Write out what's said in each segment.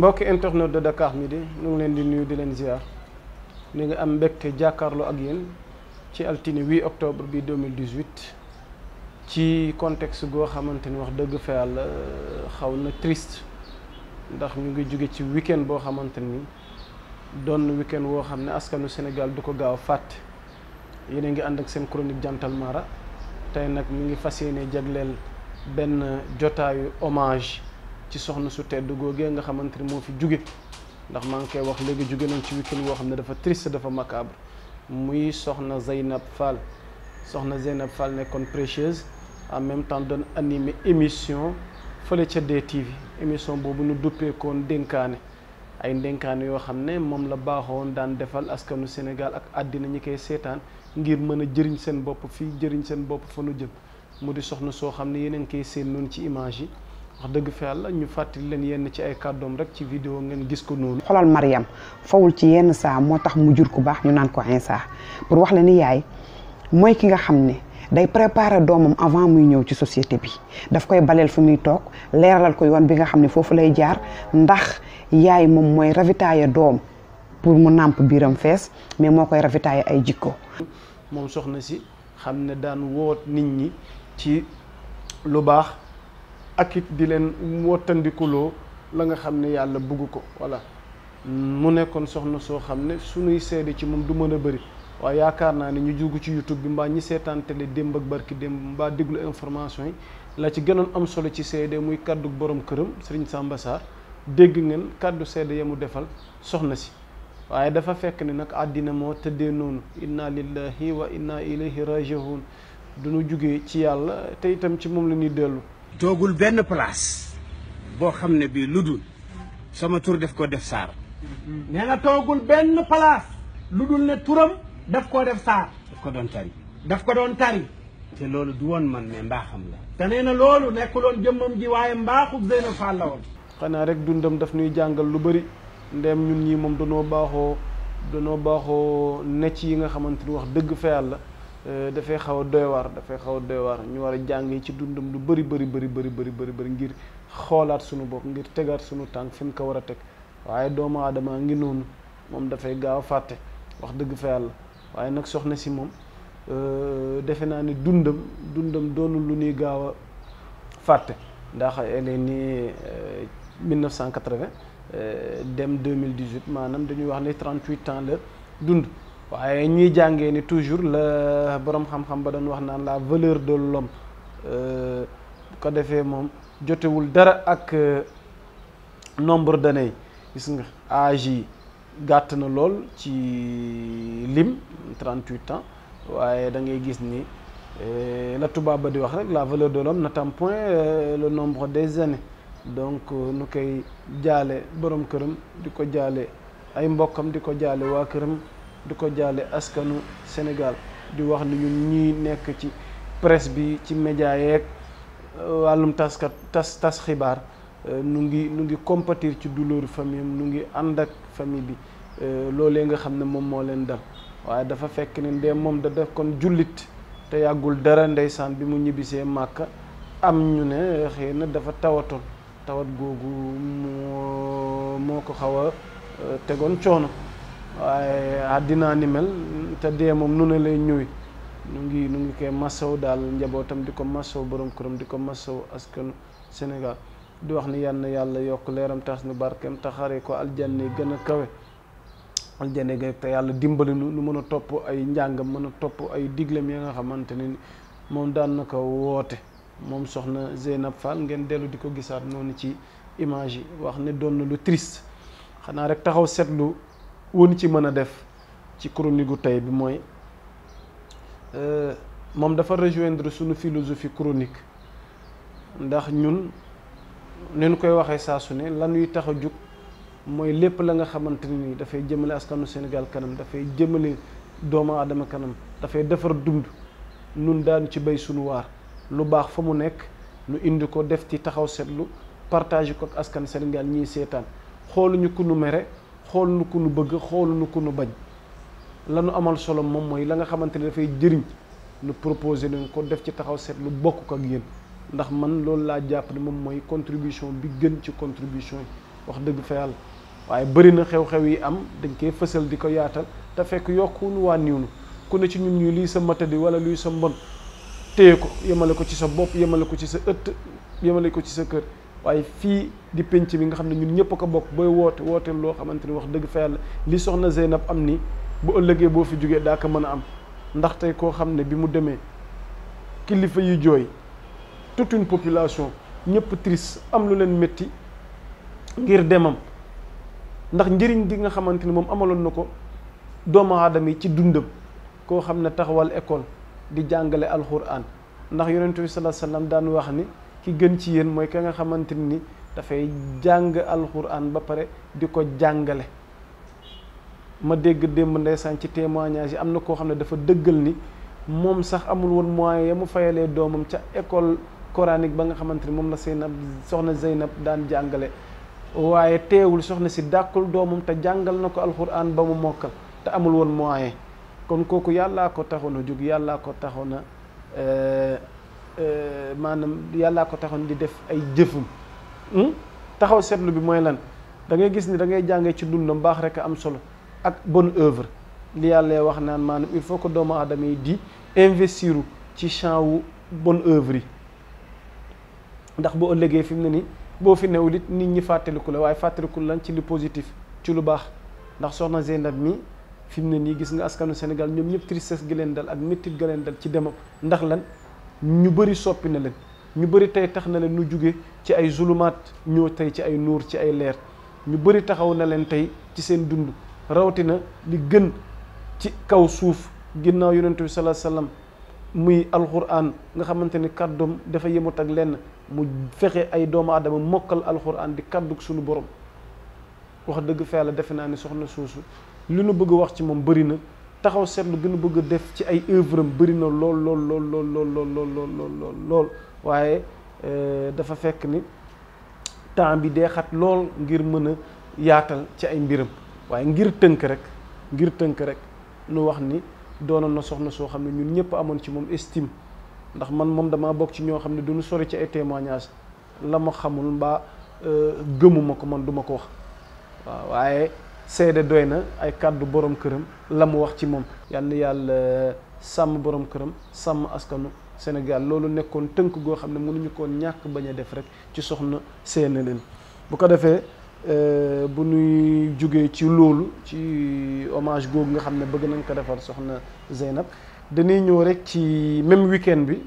mbokki internet de mi de ñu ngi leen di nuyu di leen ziar ñu ngi am mbégte jàkkaarloo ak yéen ci altine 8 octobre bi 2018 ci contexte goo xamante ni wax dëgg fa euh, xaw na triste ndax mu ngi jóge ci week boo xamante ni doon na woo xam ne askanu Sénégal du ko gaaw a fàtte yéen a ngi ànd ak seen chronique jantal mara tey nag mu ngi fas yéene jagleel benn jotaayu hommage. ci soxna su tedd googee nga xamante ni moo fi jóge ndax maa ngi koy wax léegi jóge nañ ci week woo xam ne dafa triste dafa macabre muy soxna Zeynab Fall soxna Zeynab Fall nekkoon prêcheuse en même temps doon animé émission fële ca DTV émission boobu nu duppeekoon dénkaane ay ndénkaane yoo xam ne moom la baaxoon daan defal askanu Sénégal ak àddina ñi koy seetaan ngir mën a jëriñ seen bopp fii jëriñ seen bopp fa nu jëm mu di soxna soo xam ne yeneen koy seen noonu ci image yi wax dëgg fa yàlla ñu fàttali leen yenn ci ay kàddoom rek ci vidéo ngeen gis ko noonu. xolal Mariam fawul ci yenn saa moo tax mu jur ku baax ñu naan ko Insa pour wax la ni yaay mooy ki nga xam ne day préparer doomam avant muy ñëw ci société bi daf koy baleel fu muy leeralal ko yoon bi nga xam ne foofu lay jaar ndax yaay moom mooy ravitaaye doom pour mu nàmp biiram fees mais moo koy ravitaaye ay jikko. moom soxna si xam ne daan woot nit ñi ci lu baax. ak it di leen wottandikuloo la nga xam ne yàlla bugg ko voilà mu nekkoon soxna soo xam ne suñuy seede ci moom du mën a bëri waaye yaakaar naa ne ñu jugg ci YouTube bi mbaa ñi seetaan télé démb ak barki démb mbaa déglu information yi la ci gënoon am solo ci seede muy kàddu boroom këram Serigne Samba Sarr dégg ngeen kàddu sedd ya mu defal soxna si waaye dafa fekk ne nag àddina moo tëddee noonu inna lillahi wa inna ilayhi rajiun duñu jugee ci yàlla te itam ci moom la ñuy dellu toogul benn place boo xam ne bii lu dul sama tur def ko def saar nee na toogul benn place lu dul ne turam daf koo def saar daf ko doon tari daf ko doon tari te loolu du woon man mais mbaaxam la te nee na loolu nekkuloon jëmmam ji waaye mbaaxub Zeyna Fall la woon xanaa rek dundam daf ñuy jàngal lu bari ndeem ñun ñi moom danoo baaxoo danoo baaxoo necc yi nga xamante ni wax dëgg fa la Euh, dafay xaw a doy waar dafay xaw a doy waar ñu war a yi ci dundam lu bëri bëri bëri bëri bëri bëri bëri ngir xoolaat suñu bopp ngir tegaat suñu tànk fi mu ko war a teg waaye doomu aadama ngi noonu moom dafay gaaw a fàtte wax dëgg fa yàlla waaye nag soxna si moom euh, defe naa ne dundam dundam doonu lu nuy gaaw a fàtte ndax elle est née 1980 euh, dem 2018 maanaam dañuy wax ne 38 ans la dund. waaye ñuy jàngee ni toujours la borom xam-xam ba doon wax naan la valeur de l'homme euh, bu ko defee moom jotewul dara ak euh, nombre d'années gis nga âge yi gàtt na lool ci lim 38 ans waaye da ngay gis ni euh, la tubaab ba di wax rek la valeur de l'homme n'atteint point le nombre des années donc nu koy jaale borom këram di ko jaale ay mbokkam di ko jaale waa këram di ko jàlle askanu Sénégal di wax ni ñun nekk ci presse bi ci média yeeg euh, wàllum taskat tas tas xibaar euh, nu ngi nu ngi compatir ci douleur famille am nu ngi ànd ak famille bi euh, loolee nga xam ne moom moo leen dal waaye dafa fekk ni ndee moom da def kon jullit te yàggul dara ndeysaan bi mu ñibbisee màkka am ñu ne xëy dafa tawatoon tawat googu moo moo ko xaw a tegoon coono waaye àddinaa ni mel te dee moom nu ne lay ñëwi nu ngi nu ngi koy masaw daal njabootam di ko masaw borom këram di ko masaw askanu Sénégal di wax ni yàlla na yàlla yokk leeram taas nu barkeem taxare ko aljanne gën a kawe aljanne gën te yàlla dimbali nu nu mën a topp ay njàngam mën a topp ay diglem ya nga xamante ni moom daan na ko woote moom soxna Zeynab Fall ngeen dellu di ko gisaat noonu ci image yi wax ne doon na lu triste xanaa rek taxaw seetlu wun ci mën a def ci chronique gu tey bi mooy euh, moom dafa rejoindre suñu philosophie cronique ndax ñun ne nu koy waxee saa su ne lan tax a jug mooy lépp la nga xamante ni dafay jëmale askanu Sénégal kanam dafay jëmale doomu aadama kanam dafay defar dund nun daanu ci bay suñu waar lu baax fa mu nekk nu indi ko def ci taxaw seetlu partage ko ak askan Sénégal ñiy seetaan xooluñu ku nu mere xool xoolunu ko nu bëgg xoolunu ko nu bañ la nu amal solo moom mooy la nga xamante ne dafay jëriñ nu proposé nañ ko def ci taxaw seet lu bokk ko ak yéen ndax man loolu laa jàpp ne moom mooy contribution bi gën ci contribution yi wax dëgg fa waaye bëri na xew-xew yi am dañ koy fësal di ko yaatal te fekk nu yokkuwunu wàññiwunu ku ne ci ñun ñu lii sa matadi wala luy sa mbon téye ko yemale ko ci sa bopp yemale ko ci sa ëtt yemale ko ci sa kër waaye fii di penc mi nga xam ne ñun ñëpp a ko bokk booy woote wooteel loo xamante ni wax dëgg fa li soxna Zeynab am ni bu ëllëgee boo fi jógee daa ko mën a am ndax tey koo xam ne bi mu demee kilifa yu jooy toute une population ñëpp triste am lu leen métti ngir demam ndax njëriñ gi nga xamante ni moom amaloon na ko doomu aadama yi ci dundam koo xam ne taxawal école di jàngale alxuraan ndax yonent bi sallallahu alayhi wasallam daan wax ni ki gën ci yéen mooy ka nga xamante ni dafay jàng alxuraan ba pare di ko jàngale ma dégg démb ndeysaan ci témoignage yi am na koo xam ne dafa dëggal ni moom sax amul woon moyen ya mu fayalee doomam ca école coranique ba nga xamante ni moom la Seynab soxna Zeynab daan jàngale waaye teewul soxna si dàqul doomam te jàngal na ko alxuraan ba mu mokkal te amul woon moyen kon kooku yàllaa ko taxoon a jóg yàllaa ko taxoon a euh, Euh, maanaam yàllaa ko taxoon di def ay jëfum hmm? taxaw seetlu bi mooy lan dangay gis ni da ngay jàngee ci dundam baax rek am solo ak bonne œuvre li yàlla wax naan maanaam il faut que doomu aadama yi di investir ci champ wu bonne œuvre yi ndax boo ëllëgee fi mu ne nii boo fi newul it nit ñi fàttaliku la waaye fàttaliku lan ci lu positif ci lu baax ndax soxna Zeynab mi fi mu ne nii gis nga askanu Sénégal ñoom ñëpp tristesse gi leen dal ak méttit ga leen dal ci demam ndax lan ñu bari soppi na leen ñu bari tey tax na leen nu jóge ci ay zulumaat ñoo tey ci ay nuur ci ay leer ñu bëri taxaw na leen tey ci seen dund rawatina li gën ci kaw suuf ginnaaw yonent bi salaa sallam muy alxuraan nga xamante ni kàddoom dafa yemut ak lenn mu fexe ay doomu aadama mokkal alxuraan di kàdduk suñu borom wax dëgg fa yàlla defe naa ni soxna suusu li nu bëgg wax ci moom bëri na taxaw seetlu gën a bëgg a def ci ay œuvre am bëri na lool lool lool lool lool lool lool lool lool waaye dafa fekk ni temps bi dee xat lool ngir mën a yaatal ci ay mbiram waaye ngir tënk rek ngir tënk rek nu wax ni doonoon na soxna soo xam ne ñun ñëpp amoon ci moom estime ndax man moom damaa bokk ci ñoo xam ne duñu sori ci ay témoignages la ma xamul mbaa gëmuma ko man duma ko wax waaye seede doy na ay kàddu borom këram la mu wax ci moom yal na yàlla sàmm borom këram sàmm askanu Sénégal loolu nekkoon tënk goo xam ne mënuñu ko ñàkk bañ a def rek ci soxna seena leen bu ko defee euh, bu ñuy jógee ci loolu ci hommage googu nga xam ne bëgg nañ ko defar soxna Zeynab dañuy ñëw rek ci même week bi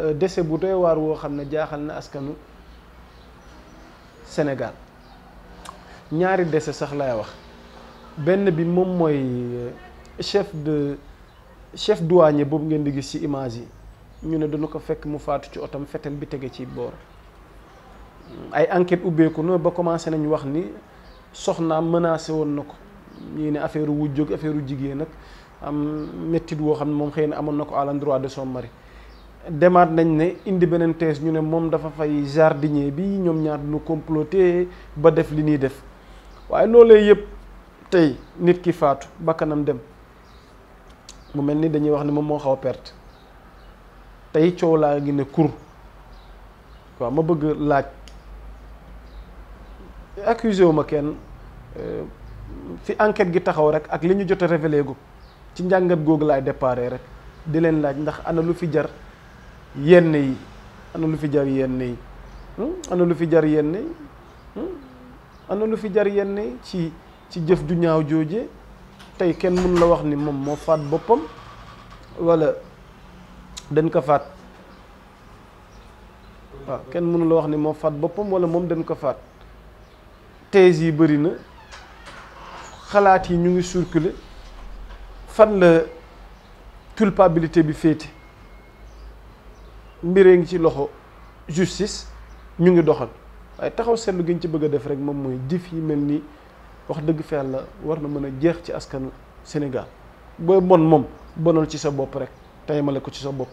euh, décès bu doy waar woo xam ne jaaxal na askanu Sénégal ñaari dese sax laay wax benn bi moom mooy euh, chef de chef douanier boobu ngeen di gis ci image yi ñu ne dañu ko fekk mu faatu ci otam fetel bi tege ci boor ay enquête ubbeeku na ba commencé nañu wax ni soxnaam menacé woon na ko ñii ne affaire wujjóog affaire jigéen nag am méttit woo xam ne moom xëy na amoon na ko à l'endroit de son mari demaat nañ ne indi beneen thèse ñu ne moom dafa fay jardinier bi ñoom ñaar nu comploté ba def li ñuy def waaye loolee yëpp. tey nit ki faatu bakkanam dem mu mel ni dañuy wax ni moom moo xaw a perte tey coow laa ngi ne kur waaw ma bëgg laaj accusé wu ma kenn euh, fi enquette gi taxaw rek ak li ñu jot a gu ci njàngat googu laay déparé rek di leen laaj ndax ana lu fi jar yenn yi ana lu fi jar yenn yi hmm? ana lu fi jar yenn yi hmm? ana lu fi jar yenn yi ci ci jëf ju ñaaw jooje tey kenn mun la wax ni moom moo faat boppam walla dañ ko faat waaw kenn mënu la wax ni moom faat boppam wala moom dañ ko faat thèse yi bëri na xalaat yi ñu ngi circuler fan la culpabilité bi féete mbiree ngi ci loxo justice ñu ngi doxal waaye taxaw seetlu gi ñu ci bëgg a def rek moom mooy jif yi mel ni wax dëgg fa yàlla war na mën a jeex ci askanu Sénégal booy bon moom bonal ci sa bopp rek tayamale ko ci sa bopp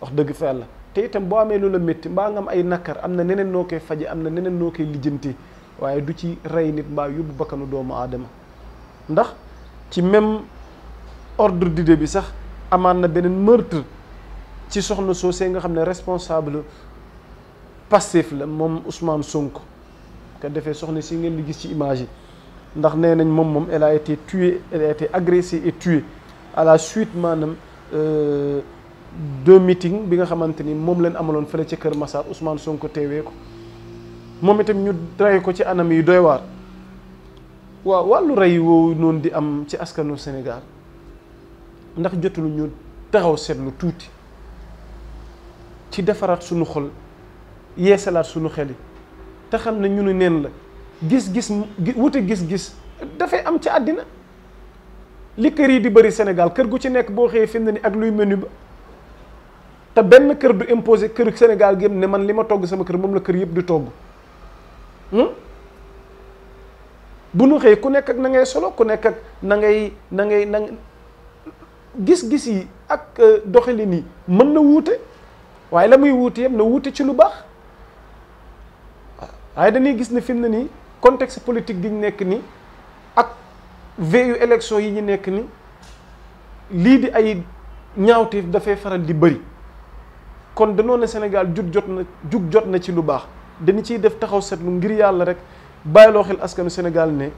wax dëgg fa yàlla te itam boo amee loolu la métti mbaa nga am ay nakar am na neneen noo koy faje am na neneen noo koy lijjanti waaye du ci rey nit mbaa yóbbu bakkanu doomu aadama ndax ci même ordre d'idée bi sax amaan na beneen meurtre ci soxna soosee nga xam ne responsable passif la moom Ousmane Sonko ko defee soxna si ngeen di gis ci image yi ndax nee nañ moom moom et la été tuée elle a été agressée et tuée à la suite maanam euh, deux meeting bi nga xamante ni moom leen amaloon fële ci Kër Massar Ousmane ko teewee ko moom itam ñu rey ko ci anam yu doy waar waaw wàllu rey woowu noonu di am ci askanu Sénégal ndax jotul ñu taxaw seetlu tuuti ci defaraat sunu xol yeesalaat sunu xel yi te xam ne ñu ne neen la. gis-gis wute gis-gis dafay am ci àddina li kër yi di bari Sénégal kër gu ci nekk boo xëyee fi mu ni ak luy menu ba te benn kër du imposé kër Sénégal gi ne man li ma togg sama kër moom la kër yëpp di togg hmm? bu nu xëyee ku nekk ak na ngay solo ku nekk ak na ngay na ngay gis-gis yi ak euh, doxalin yi mën na wuute waaye la muy wuute yëpp na wuute ci lu baax waaye dañuy gis ne fi ne nii contexte politique gi ñu nekk ni ak veillu élection yi ñu nekk ni lii di ay ñaawteef dafay faral di bari kon danoo ne Sénégal jug jot na jug jot na ci lu baax dañu ciy def taxaw lu ngir yàlla rek loo xel askanu Sénégal ne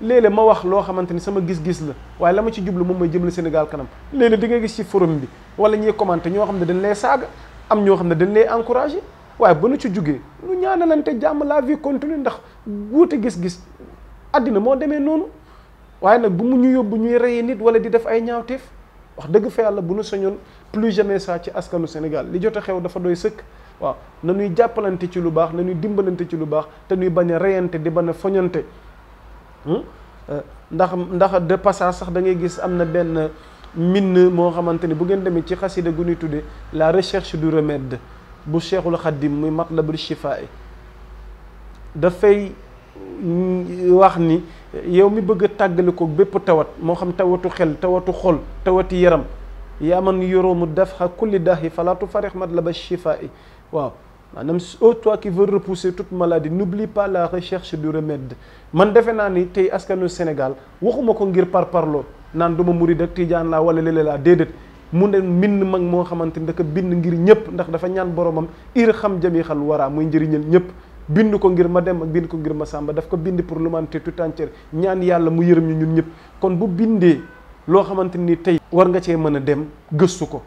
léeg ma wax loo xamante ni sama gis-gis la waaye la ma ci jublu moom mooy jëmale Sénégal kanam léeg-léeg di nga gis ci forum bi wala ñuy commenté ñoo xam ne dañ lay saaga am ñoo xam ne dañ lay encouragé waaye ba nu ci jugee nu ñaanalante jàmm la vie continue ndax wuute gis-gis àddina moo demee noonu waaye nag bu mu ñu yóbbu ñuy reyee nit wala di def ay ñaawteef wax dëgg fa yàlla bu nu soñoon plus jamais ça ci askanu Sénégal li jot a xew dafa doy sëkk waaw na ñuy jàppalante ci lu baax na ñuy dimbalante ci lu baax te nuy bañ a reyante di bañ a foñante hmm? euh, ndax ndax de passage sax da ngay gis am na benn minn moo xamante ni bu ngeen demee ci xasida gu ñuy tuddee la recherche du remède bu cheikhul xaddim muy matlabul shifaa dafay wax ni yow mi bëgg a tàggale ko bépp tawat moo xam tawatu xel tawatu xol tawati yaram yaa man yoroomu dafxa kulli dahi falaatu farix matlaba shifaa waaw maanaam ô oh, toi qui veux repousser toute maladie n'oublie pas la recherche du remède man defe naa ni tey askanu Sénégal waxuma ko ngir par parloo naan duma murid ak tijaan laa wala léeg laa déedéet mu ne mbind mag moo xamante ni dafa bind ngir ñëpp ndax dafa ñaan boromam ir xam jami xal waraa muy njëriñal ñëpp bind ko ngir ma dem ak bind ko ngir ma sàmba daf ko bind pour l'humanité tu entière ñaan yàlla mu yërëm ñu ñun ñëpp kon bu bindee loo xamante ni tey war nga cee mën a dem gëstu ko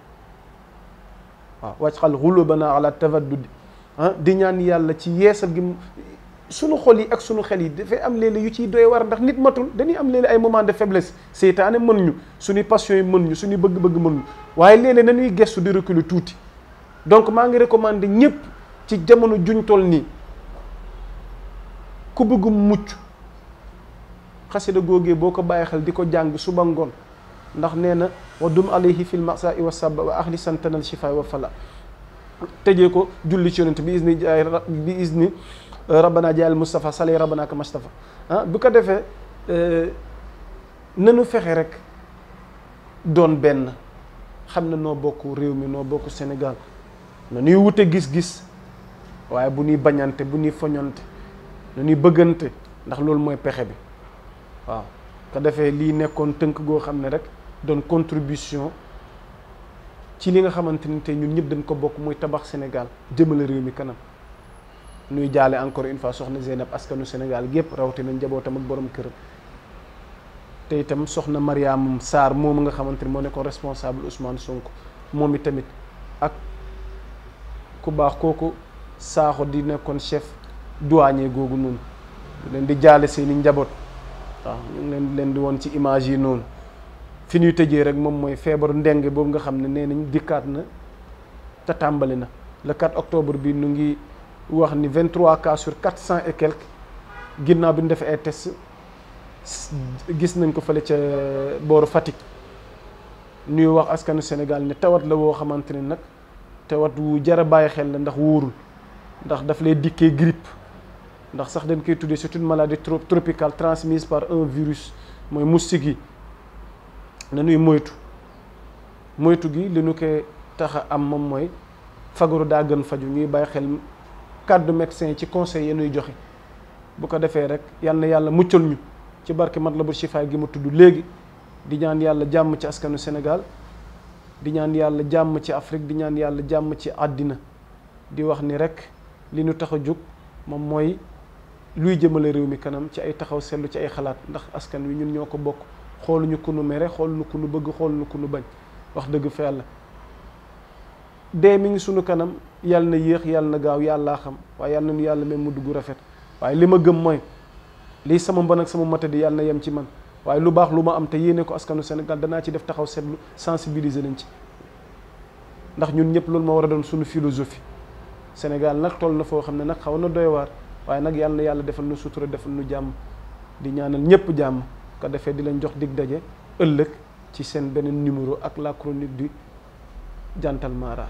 waaw wàcc xal xulubana ala tawaddudi ah di ñaan yàlla ci yeesal gi sunu xol yi ak sunu xel yi dafay am léeg-léeg yu ciy doy war ndax nit matul dañuy am léeg ay moment de faiblesse seytaane mën ñu suñuy passion yi mën ñu suñuy bëgg-bëgg mën ñu waaye léeg-léeg nañuy gestu di reculer tuuti donc maa ngi recommander ñëpp ci jamono juñ toll nii ku bëggum mucc xasida googee boo ko bàyyi xel di ko jàng suba ngoon ndax nee na wa dum alayhi fil masai wa saba wa ahli santanal shifa wa fala tëjee ko julli ci yonent bi isni jaay bi isni rabbana jaal Moustapha sali rabbana ka Moustapha ah bu ko defee eh, nanu fexe rek doon benn xam ne noo bokk réew mi noo bokk Sénégal na ñuy wute gis-gis waaye bu ñuy bañante bu ñuy foñante na ñuy bëggante ndax loolu mooy pexe bi waaw ka defee lii nekkoon tënk goo xam ne rek doon contribution ci li nga xamante ni te ñun ñëpp dañ ko bokk muy tabax Sénégal jëmale réew mi kanam nuy jaale encore une fois soxna Zeynab askanu Sénégal gépp rawatina njabootam ak borom kër te itam soxna Mariam Sarr moomu nga xamante ni moo nekkoon responsable Ousmane Sonko moom tamit ak ku baax kooku saaxo di nekkoon chef douanier googu noonu leen di jaale seeni njaboot waaw leen di woon ci image yi noonu fi ñuy tëjee rek moom mooy feebaru ndeng boobu nga xam ne nee nañ dikkaat na te tàmbali na le 4 octobre bi nu ngi. wax ni 23 cas sur 400 et quelques ginnaaw bi ñu defee ay test gis nañ ko fale ca euh, booru Fatick ñuy wax askanu Sénégal ni tawat la woo xamante ne nag tawat wu jar a bàyyi xel na ndax wóorul ndax daf lay dikkee grippe ndax sax dañ koy tuddee c'est une maladie tropicale transmise par un virus mooy moustique yi nañuy moytu moytu gi li ñu koy tax a am moom mooy fagaru daa gën faju ñuy bàyyi xel kàddu médecin ci conseil yenuy joxe bu ko defee rek yàlla yàlla muccal ñu ci barke Matlabul Chifa gi ma tudd léegi di ñaan yàlla jàmm ci askanu Sénégal di ñaan yàlla jàmm ci Afrique di ñaan yàlla jàmm ci àddina di wax ni rek li ñu tax a jóg moom mooy luy jëmale réew mi kanam ci ay taxaw seetlu ci ay xalaat ndax askan wi ñun ñoo ko bokk xooluñu ku nu mere xooluñu ku nu bëgg nu ku nu bañ wax dëgg fa yàlla dee mi ngi sunu kanam yàlla na yéex yàlla na gaaw yàllaa xam waaye yàlla nañu yàlla même mu duggu rafet waaye li ma gëm mooy lii sama mban sama matadi yàlla na yem ci man waaye lu baax lu ma am te yéene ko askanu Sénégal danaa ci def taxaw seetlu sensibiliser nañ ci ndax ñun ñëpp loolu moo war a doon sunu philosophie Sénégal nag toll na foo xam ne nag xaw na doy waaye nag yàlla yàlla defal nu sutura defal nu jàmm di ñaanal ñëpp jàmm ko defee di leen jox dig daje ëllëg ci seen beneen numéro ak la chronique du jantal maara